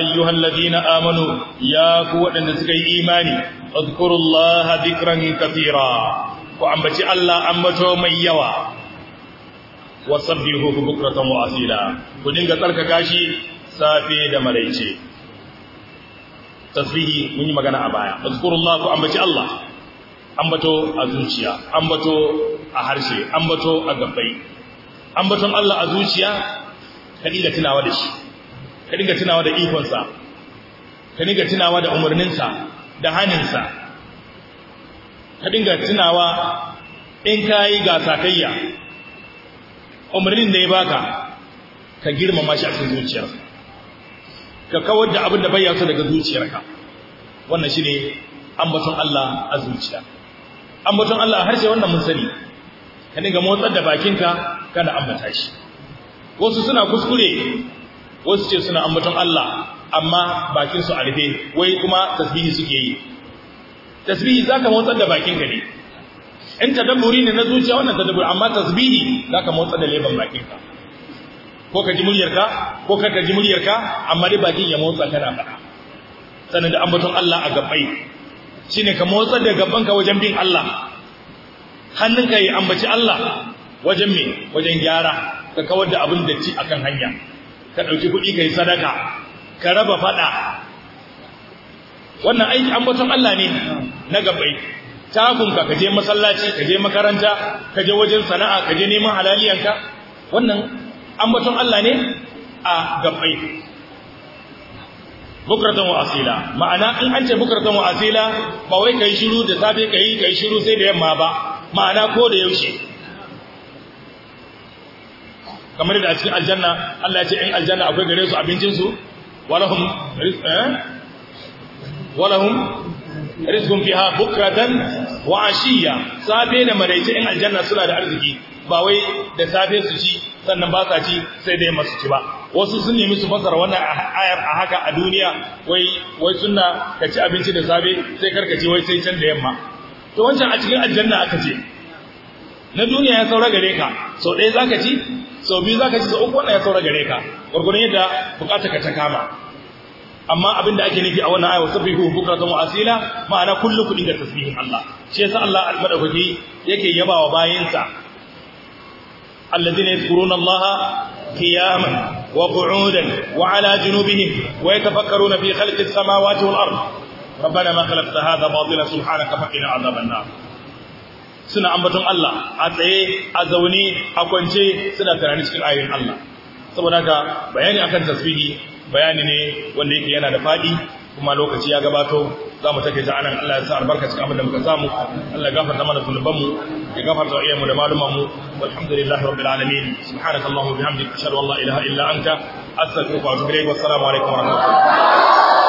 ayyuhal ladina amanu ya ku waɗanda suka yi imani azkurullaha dhikran katira ku ambaci Allah ambato mai yawa wasabbihu bukratan wa asila ku dinga tsarkaka shi safe da maraice tasbihi mun yi magana a baya azkurullahu ambaci Allah ambato a zuciya ambato a harshe ambato a gabbai ambaton Allah a zuciya ka dinga tunawa da shi ka dinga tunawa da ikonsa ka dinga tunawa da umarninsa da haninsa ka dinga tunawa in kai ga sakayya umarnin da ya baka ka girmama shi a cikin zuciyarka ka kawar da abin da bai yaso daga zuciyarka wannan shi ne ambaton Allah a zuciya ambaton Allah a harshe wannan mun sani ka dinga motsar da bakinka kana ambata shi wasu suna kuskure wasu ce suna ambaton Allah amma bakin su a rufe wai kuma tasbihi suke yi tasbihi za ka motsar da bakinka ne in tadabburi ne na zuciya wannan tadabburi amma tasbihi za ka motsar da leban bakinka ko ka ji muryarka ko ka ji muryarka amma dai bakin ya motsa kana faɗa sannan da ambaton Allah a gabbai shine ka motsa da gabanka wajen bin Allah hannunka yi ambaci Allah wajen me wajen gyara ka kawar da abin da ci akan hanya ka dauki kuɗi kai sadaka ka raba faɗa wannan aiki ambaton Allah ne na gabbai takunka ka je masallaci ka je makaranta ka je wajen sana'a ka je neman halaliyanka wannan ambaton Allah ne a gabbai bukratan wa asila ma'ana in an ce bukratan wa asila ba wai kai shiru da safe kai kai shiru sai da yamma ba ma'ana ko da yaushe kamar da a cikin aljanna Allah ya ce in aljanna akwai gare su abincin su walahum eh? walahum rizqun fiha bukratan wa ashiya safe da maraice in aljanna suna da arziki ba wai da safe su ci sannan ba sa ci sai dai masu ci ba wasu sun nemi su fasara wannan ayar a haka a duniya wai wai sunna ka ci abinci da safe sai karka ci wai sai can da yamma to wancan a cikin aljanna aka ce na duniya ya saura gare ka sau ɗaya zaka ci sau biyu zaka ci sau uku wannan ya saura gare ka gurgurun yadda bukata ka ta kama amma abin da ake nufi a wannan ayar sabihu bukratan wa asila ma'ana kullu kudin da tasbihin Allah shi yasa Allah al-madaukaki yake yabawa bayinsa الذين يذكرون الله قياما وقعودا وعلى جنوبهم ويتفكرون في خلق السماوات والأرض ربنا ما خلقت هذا باطلا سبحانك فقنا عذاب النار suna ambaton Allah a tsaye a zaune a kwance suna tunani cikin ayoyin Allah saboda haka bayani akan tasbihi bayani ne wanda yake yana da fadi kuma lokaci ya gabato za mu take ta anan Allah ya sa albarka cikin abin da muka samu Allah ya gafarta mana zunubanmu ya gafarta iyayenmu da malumanmu والحمد لله رب العالمين سبحانك اللهم وبحمدك اشهد ان لا اله الا انت استغفرك واتوب اليك والسلام عليكم ورحمه الله